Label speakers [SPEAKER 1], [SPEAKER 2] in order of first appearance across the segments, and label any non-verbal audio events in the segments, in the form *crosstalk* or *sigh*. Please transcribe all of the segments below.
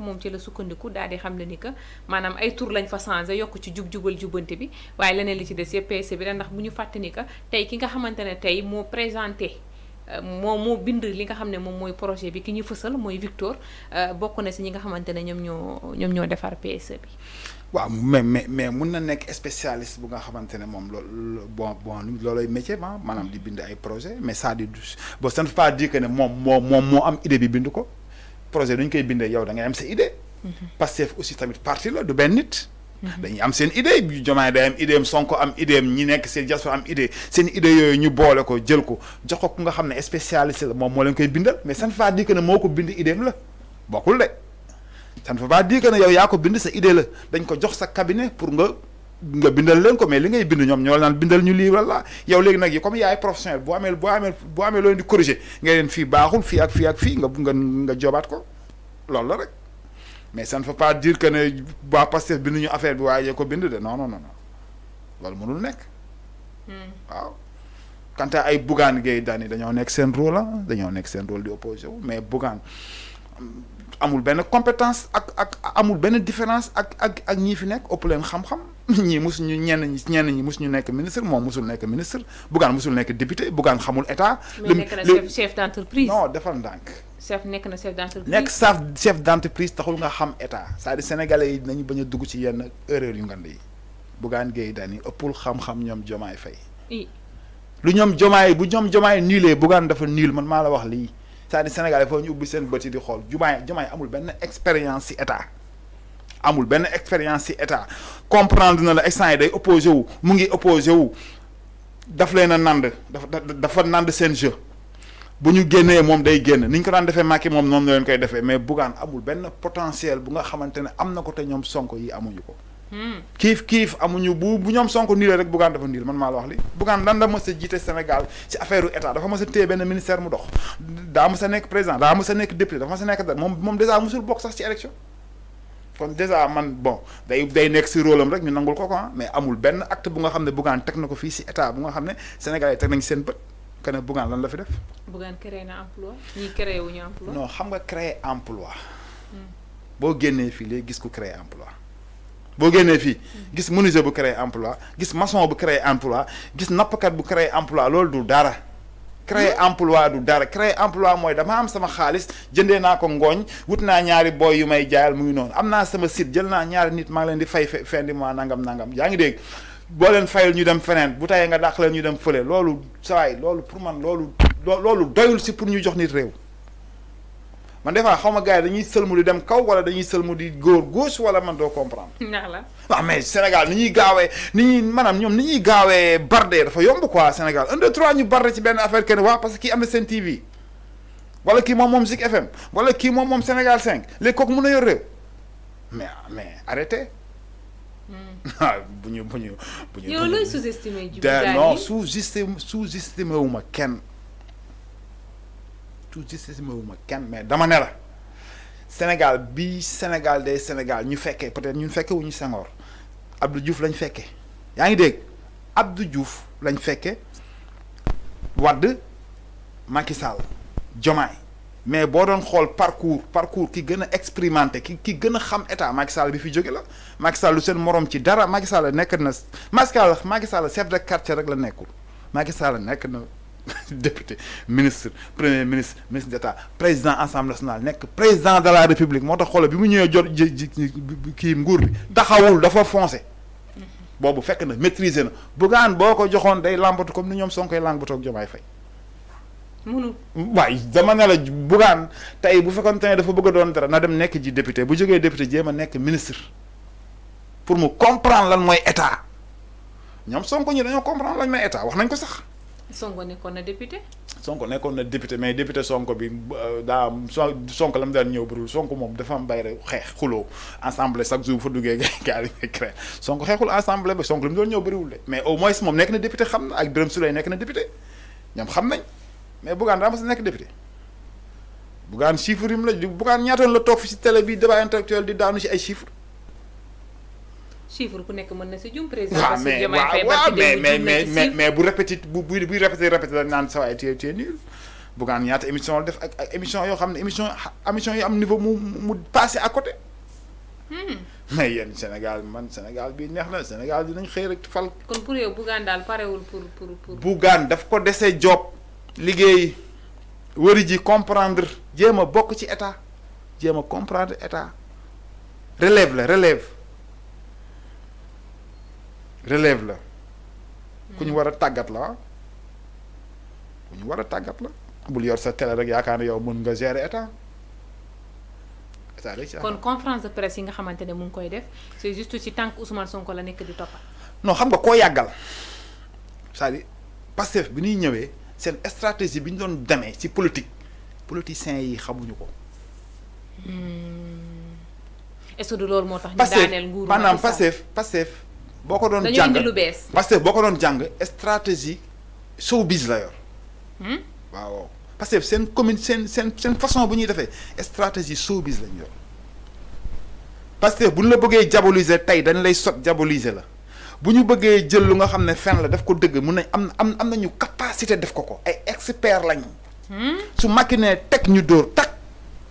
[SPEAKER 1] moom ci la sukkandiku daal di xam le ni que maanaam ay tour lañ fa changé yokk ci jub-jubal jubante bi waaye leneen li ci des yëpp PSC bi la ndax bu ñu fàtte ni que tey ki nga xamante ne tey moo présenté euh, moo moo bind li nga xam ne moom mooy projet bi ki ñu fësal mooy Victor euh, bokk na si ñi nga xamante ne ñoom ñoo ñoom ñoo defar PSE bi.
[SPEAKER 2] waaw mais mais mais mun na nekk spécialiste bu nga xamante ne moom loolu bon bon loolooy métier maanaam di bind ay projet mais ça di bo ça ne moom moo moom moo am idée bi bind ko. projet du ñu koy bindee yow da am sa idée. Mhm. Pastef aussi tamit parti la du benn nit. Mhm. dañuy am seen idée bu Diomaye day am idée Sonko am idée ñi nekk seen diaspora am idée seen idée yooyu ñu boole ko jël ko jox ko ku nga xam ne spécialiste la moom moo leen koy bindal mais ça ne veut pas dire que ne moo ko bind idée la bokkul de ça ne veut ne yow yaa ko bind sa idée la dañ ko jox sa cabinet pour nga. nga bindal len ko mais li ngay bind ñom ñoo naan bindal ñu lii walla yow léegi nak yi comme yaay professionnel bo amel bo amel bo amel loo leen di corriger nga len fi baaxul fi ak fi ak fi nga nga nga jobat ko loolu la rek mais ça ne faut pas dire que ne waa Pastef bind ñu affaire bi waye ko bind de non non non loolu mënul hmm waaw. quand ta ay Bougane Gueye Dany dañoo nek sen rôle ah dañoo nekk seen rôle di opposé mais Bougane amul ben compétence ak ak amul ben différence ak ak ak ñi fi nek ëpp leen xam-xam. ñi musu ñu ñenn ñi ñenn ñi musu ñu nekk ministre moom musul nekk ministre Bougane musul nekk député Bougane xamul état. mais nekk na chef
[SPEAKER 1] d' entreprise. non defal ndànk. nekk na chef d' entreprise. nekk
[SPEAKER 2] chef chef d' entreprise taxul nga xam état c'est-à-dire yi nañu bañ a dugg ci yenn erreur yu ngand yi Bougane Gueye Dany ëppul xam-xam ñoom Jomaay Faye. lu ñoom Jomaay bu ñoom Jomaay niilee Bougane dafa niil man maa la wax lii c'est-à-dire sénégalais foofu ñu ubbi seen bët yi di xool Jomaay Jomaay amul benn expérience ci état. amul une expérience ci comprendre na la day opposé wu mu opposé wu daf nand dafa nand jeu bu ñu day ko mais Bougane amul potentiel bu nga xamante amna ko te ñom Sonko yi amuñu ko. Hmm. amuñu bu dafa man wax li Bougane lan la Sénégal ci affaire état dafa ministère mu dox da président da député da élection. kon déjà man bon day day nekk si rôle am rek ñu nangul ko ko ah, mais amul benn acte bu nga xam ne Bougane teg na ko fii si état bu nga xam ne Sénégal yi teg nañ seen bët que ne Bougane lan la fi def.
[SPEAKER 1] Bougane créé na emploi ñi créé wu ñu emploi. non
[SPEAKER 2] xam nga créé emploi. Hmm. boo génnee fii léegi gis ku créé emploi. boo génnee fii hmm. gis menuisier bu créé emploi gis maçon bu créé emploi gis nappkat bu créé emploi loolu du dara. créer emploi du dara créer emploi mooy dama am sama xaalis jëndee naa ko ngooñ wut naa ñaari booy yu may jaayal muy noonu am naa sama sit jël naa ñaari nit maa leen di fay fin nangam nangam yaa ngi dégg boo leen fayal ñu dem feneen bu tayee nga dàq leen ñu dem fële loolu sawaay loolu pour man loolu loolu doyul si pour ñu jox nit réew man defa xawma gaay dañuy sëlmu di dem kaw wala dañuy sëlmu di góor gauche wala man do comprendre. *laughs* ndax la waaw ah, mais Sénégal ni ñuy gaawee ni ñuy maanaam ñoom ni ñuy gaawee bardé dafa yomb quoi Sénégal 1 deux trois ñu bardé ci ben affaire kenn waaw parce que ki am sen TV wala ki mom mom Zik FM wala ki mom mom Sénégal 5 les kooku mën na mais mais arrêtez. Hmm. *laughs* Ah, bu ñu bu ñu bu yow looy
[SPEAKER 1] sous-estimer. non
[SPEAKER 2] sous-estimé sous-estimé wu ma kenn. surtout justicimé wu ma kenn mais dama ne la Sénégal bi Sénégal de Sénégal ñu fekkee peut-être ñun fekke wu ñu Senghor Abdou Diouf lañ fekkee yaa ngi dégg Abdou juuf lañu fekkee wadd Macky Sall Diomaye mais boo doon xool parcours parcours ki gën a expérimenté ki ki gën a xam état Macky Sall bi fi jóge la Macky Sall lu seen morom ci dara Macky Sall nekk na Macky Sall Macky Sall de quartier rek la nekkul Macky Sall nekk na *laughs* député ministre premier ministre ministre d'État président assemblée nationale nekk président de la république moo tax xoolal bi mu ñëwee jot kii nguur bi taxawul dafa foncé boobu fekk na maîtriser na Bougane boo ko joxoon day làmbatu comme ni ñoom Sonko koy làmbatu ak Diomaye Faye mënul waaye dama ne la Bougane tey bu fekkoon ne dafa bëgg doon dara na dem nekk ji député bu jógee député jéem a nekk ministre pour mu comprendre lan mooy état ñoom Sonko ñi dañoo comprendre lañ mooy état wax nañ ko sax
[SPEAKER 1] Sonko nekkoon na député.
[SPEAKER 2] Sonko nekkoon na député mais député Sonko bi euh, daa am Sonko la mu daan ñëw bëriwul Sonko moom dafa am bay bayre xeex xuloo assemblée chaque jour bu fa duggee *laughs* gars yi di créé Sonko xeexul assemblée ba Sonko la mu doon ñëw bëriwul de mais au mois moom nekk na député xam na ak Birame Souleye nekk na député ñoom xam nañ mais Bougane daa mos nekk député. Bougane chiffre yi mu la Bougane ñaatoon la toog fi si télé bi débat intellectuel di daanu si ay chiffres.
[SPEAKER 1] chiffre ku nekk mën na si jum président. waaw mais mais mais
[SPEAKER 2] mais bu répété bu bu buy répété répété dañ naan sa waay tey tey nul. Bougane ñaata émission la def ak émission yoo xam ne émission émission yi am niveau mu mu passé à côté. Hmm. mais yéen Sénégal man Sénégal bi neex na Sénégal dinañ xëy rek fal.
[SPEAKER 1] kon pour yow Bougane daal parewul pour pour pour.
[SPEAKER 2] Bougane daf ko dese job liggéey wëri ji comprendre jéem a bokk ci état jéem a comprendre état relève la relève. relève la mm. ku ñu war a tàggat la ah ku ñu war a tàggat la bul yor sa télé rek yaakaar ne yow mën nga gérer état kon
[SPEAKER 1] conférence de presse yi nga xamante ne mu ngi koy def c'est juste ci tànk Ousmane Sonko la nekk di toppa
[SPEAKER 2] non xam nga koo yàggal c'est-à-dire Pastef bi ñuy ñëwee seen stratégie bi ñu doon demee ci politique politiciens yi xamuñu ko.
[SPEAKER 1] Hmm. est-ce que du loolu moo tax. ñu daaneel nguuru Pastef Pastef
[SPEAKER 2] Pastef. boo ko doon jàng lu bees parce que boo ko jàng stratégie showbiz la yor. Hmm? waaw parce que seen commune seen seen seen façon bu ñuy defee stratégie showbiz lañ yor parce que bu ñu la bëggee diaboliser tey dañ lay sot diaboliser la bu ñu bëggee jël lu nga xam ne fen la daf ko dëgg mun nañ am am am nañu capacité def ko ko ay expert lañ hmm? su Macky nee teg ñu dóor tak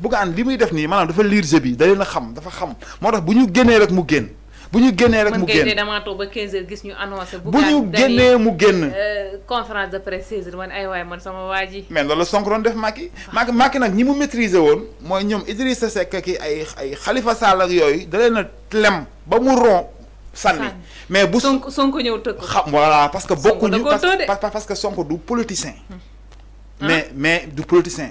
[SPEAKER 2] Bougane li muy def nii maanaam dafa lire jeu bi da a xam dafa xam moo tax bu ñu génnee rek mu génn. bu ñu génnee rek mu génn man
[SPEAKER 1] damaa toog ba 15 heures gis ñu annoncé. bu ñu génnee mu génn. Euh, conférence de presse 16 heures man sama waa ji. mais
[SPEAKER 2] loolu Sonko doon def Macky. Macky Macky nag ñi mu maîtriser woon mooy ñoom Idrissa Seck ki ay ay Khalifa Sall yooyu da na a lem ba mu ron. sànni mais bu. Sonko Sonko ñëw tëkk. xam voilà parce que bokkuñu. parce que Sonko du politicien. Hmm. mais ah. mais du politicien.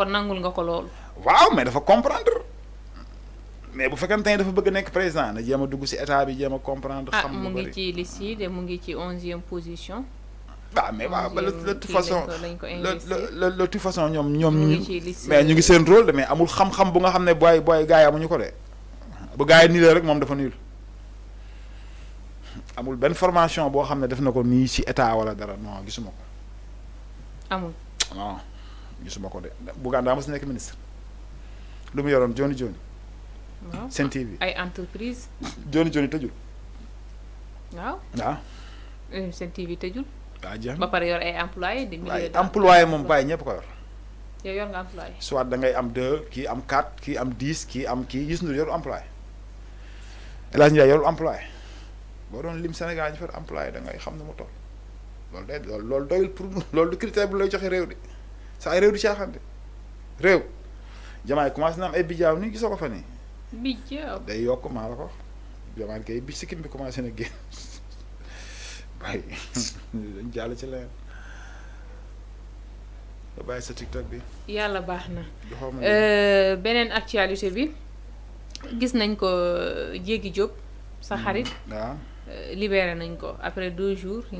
[SPEAKER 1] kon nangul nga ko loolu.
[SPEAKER 2] waaw mais dafa comprendre mais bu fekkente ne dafa bëgg nekk président na jéem a dugg si état bi jéem a comprendre. Ah, xam mu ngi
[SPEAKER 1] ci liste yi de mu ngi ci onzième position. waaw mais waaw ba de toute façon de
[SPEAKER 2] de toute façon ñoom ñoom. ñu mais ñu ngi seen rôle de mais amul xam-xam bu nga xam ne booy booy gars yi amuñu ko de bu gaa yi nii rek moom dafa nuyul amul benn formation boo xam ne def na ko nii ci état wala dara non gisuma amul gisuma ko de Bougane daa mos nekk ministre lu mu yoroon joni joni.
[SPEAKER 1] wow. sen TV ay entreprise joni joni tëjul. waaw waaw. Eh, sen TV tejul ba jam ba par yor ay employé di milliers employé
[SPEAKER 2] mom bay ñep ko yor.
[SPEAKER 1] yow yor nga employé.
[SPEAKER 2] soit da ngay am 2 ki am 4 ki am 10 ki am ki gis nu yor employé El ñay yor employé bo don lim Sénégal ñu fa employé da ngay xam na mu toll lol day lol doyul pour *laughs* lol du critère bu lay joxe rew de. sa réew di caaxaan de réew jamaay commencé na am ay bijaaw nii gisoo ko fa nii. bijaaw bi commencé na génn ci leneen nga bi.
[SPEAKER 1] yàlla baax na. Euh, beneen actualité bi gis nañ ko Diégui euh, Diop. sa mm. xarit. waaw ah. euh, libéré nañ ko après deux jours.